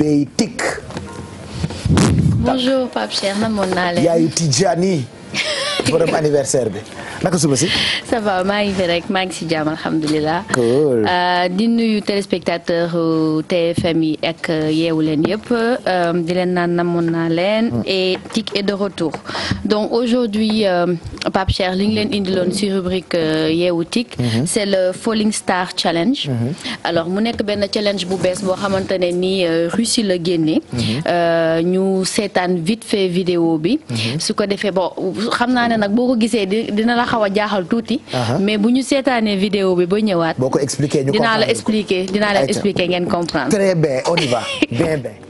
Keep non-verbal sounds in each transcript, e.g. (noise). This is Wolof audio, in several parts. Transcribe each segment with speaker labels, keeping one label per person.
Speaker 1: Beytik.
Speaker 2: bonjour Pape Cheikh namoon naa leen. yaayu
Speaker 1: Tidjani (laughs) borom anniversaire bi. naka suba si.
Speaker 2: ça va maa ngi fi rek maa ngi si jàmm alhamdulilah. cool euh, nuyu téléspectateur TFM yi ak euh, yeewu leen yëpp euh, di leen naan namoon naa leen. Hmm. et Tic est de retour donc aujourd'hui Pape Cheikh li ñu leen indiloon si rubrique yeewu Tic. Hmm. c'est le Falling Star Challenge. Hmm. alors mu nekk benn challenge bu bees boo xamante ne ni Russie la génne. ñu seetaan vite fait vidéo bi. su ko defee bon xam naa ne nag boo ko gisee dina la. xaw a jaaxal tuuti. mais bu ñu seetaanee video bi ba ñëwaat. boo ko expliquer ñu comprendre dinaa la expliquer dinaa la expliquer ngeen comprendre. très bien on y (laughs)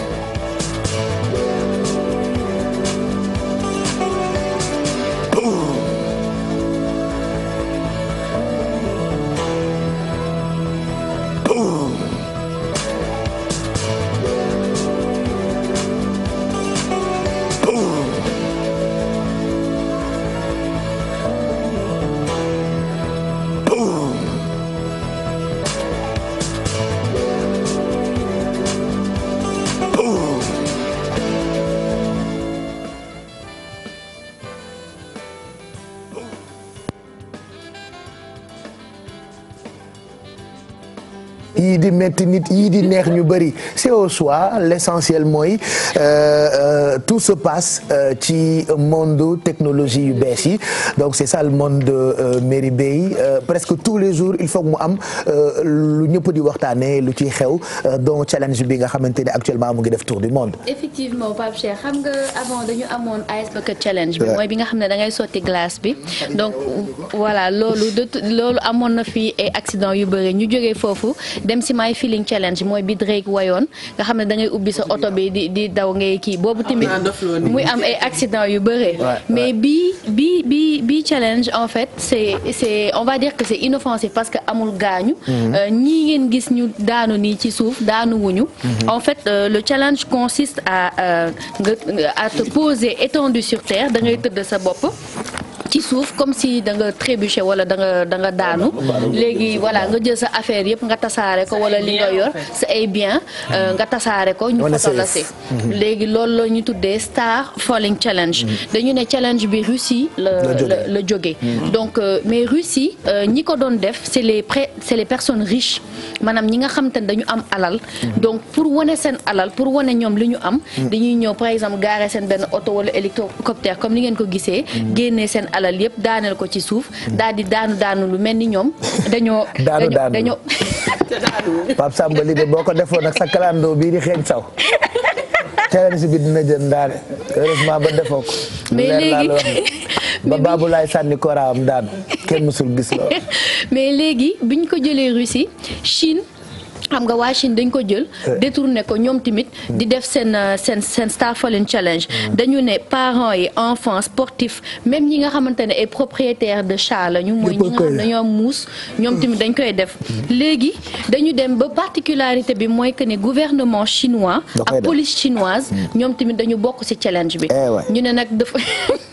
Speaker 1: yii di métti nit yii di neex ñu bëri c'est au choix l'essentiel mooy euh, euh, tout se passe euh, ci monde technologie yu bees yi donc c'est ça le monde de Merry Beye presque tous les jours il faut mu am lu ñëpp di waxtaanee lu ciy xew donc challenge bi nga xamante ne actuellement mu ngi def tour du monde.
Speaker 2: effectivement Pape Cheikh xam nga avant dañu amoon ice bucket bi mooy bi nga xam ne da ngay sotti glace bi donc voilà loolu de loolu amoon na fi ay accident yu bëri ñu foofu. dem si my feeling challenge mooy bi Drake wayoon nga xam ne da ngay ubbi sa oto bi di di daw ngay kii boobu tamit ah, muy am ay accident yu bëre mais bi bi bi bi challenge en fait c'est c'est on va dire que c'est inoffensif parce que amul gaañu mhm. euh, ñii ngeen gis ñu daanu nii ci suuf daanu wuñu mhm. en fait euh, le challenge consiste à euh, à te poser étendu sur terre da ngay tëdd sa bopp ci suuf comme si da nga trébuché wala da nga da daanu léegi voilà nga jël sa affaire yëpp nga tasaare ko wala li nga yor sa ay bien euh, mm-hmm. nga tasaare ko ñu foto la mm-hmm. léegi loolu la ñu tuddee star falling challenge mm-hmm. dañu ne challenge bi Russie la la jóge donc euh, mais Russie euh, ñi ko doon def c'est les pré c'est les personnes maanaam ñi nga xam te ne dañu am alal donc pour wane seen alal pour wane ñoom li ñu am dañuy ñëw par exemple gaare seen benn oto wala hélicoptère comme ni ngeen ko gisee alal yépp daaneel ko ci suuf daal di daanu daanu lu mel ni ñoom dañoo (laughs) daanu daanu (laughs)
Speaker 1: Pape Samba li de boo ko defoon ak sa kalandoo bii di xeeñ saw challenge bi dina jën ndaane heureusement ba defoo ko (laughs) mais léegi ba baabu laay sànni koraam daanu kenn mësul gis loolu
Speaker 2: mais léegi biñ ko jëlee Russie Chine xam nga waa Chine dañ ko jël eh. détourné ko ñoom tamit mm. di def seen euh, seen seen Starfalling Challenge mm. dañu ne parents yi enfants sportifs même ñi nga xamante ne ay propriétaires de char la ñu mooy ñi nga xam ne ñoom muus ñoom tamit dañ koy def mm. léegi dañu dem ba particularité bi mooy que ne gouvernement chinois ak police chinoise ñoom tamit dañu bokk ci challenge bi eh ñu ne nag dafa (laughs)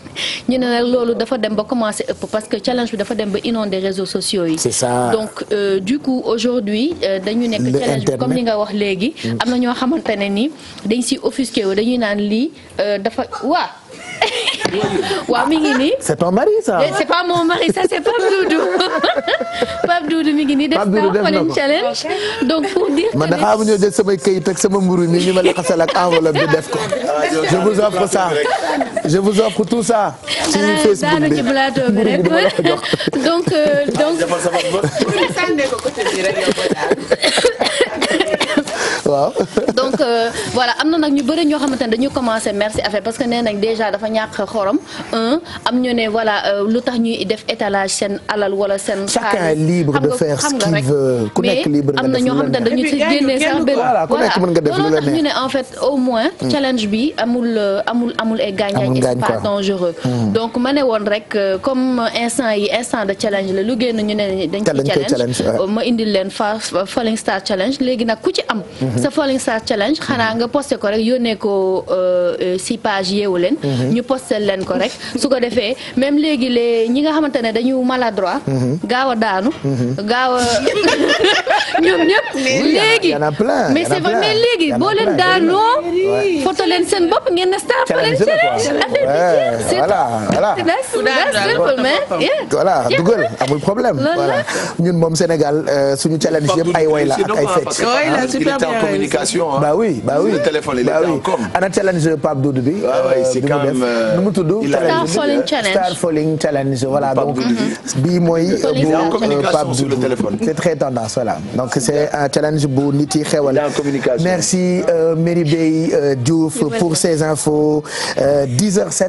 Speaker 2: ñu ne nag loolu dafa dem ba commencé ëpp parce que challenge bi dafa dem ba inondé réseaux sociaux yi. c'est ça donc euh, du coup aujourd'hui euh, dañu nekk challenge bi comme li nga wax léegi. Mm. am na ñoo xamante ne ni dañ si offusqué wu dañuy naan lii euh, dafa waa. (laughs) waaw mi ngi nii. c'est ton mari ça. c'est pas mon mari ça c'est Pape Doudou (laughs) Pape Doudou mi ngi nii def na challenge. donc pour dire man dafa am ñoo
Speaker 1: jël samay këyit ak sama mburu mi ñu ma la xasal ak enveloppe bi def ko. je vous offre ça je vous offre tout ça.
Speaker 2: ci euh, Facebook bi (laughs) donc euh, donc. waaw donc euh, voilà am na nag ñu bëri ñoo xamante ne dañu commencé merci affaire parce que nee nañ déjà dafa ñàkk xorom un am ñu ne voilà euh, lu tax ñuy def étalage seen alal wala seen. chacun est libre de faire ce nga
Speaker 1: def na ñoo xamante ne dañu ci génnee sax benn
Speaker 2: en fait au moins. Hmm. challenge bi amul euh, amul amul ay gagnant et c'est pas dangereux. Hmm. donc ma ne woon rek comme instant yi instant de challenge la lu génn ñu ne dañ ci challenge ma indil leen fa Falling Star challenge léegi nag ku ci am. Hmm. sa Falling Stars challenge xanaa nga posté ko rek yónnee ko euh, euh, si page yeewu leen. Mhm. ñu posté leen ko rek su ko defee même léegi les ñi nga xamante ne dañu maladroit. Mhm. gaaw daanu. Mhm. gaaw (laughs) ñoom ñëpp. léegi mais c'est vrai mais léegi boo leen daanoo. foto leen seen bopp ngeen ne star leen seen affaire bi voilà voilà. voilà
Speaker 1: dugal amul problème. voilà ñun moom Sénégal euh, suñu challenge yëpp ay woy la ak ay fecc. il était en communication bah oui bah oui bah oui ana challenge Pape Doudou bi. Euh, c'est quand même euh, nu mu tudd. Star Falling Challenge Star Falling Challenge voilà donc bii mooy. bu Pape Doudou c'est très tendance voilà. donc c' est un challenge bu nit yi xewal merci euh, Merry Beye euh, Diouf pour ces infos 10h07 euh,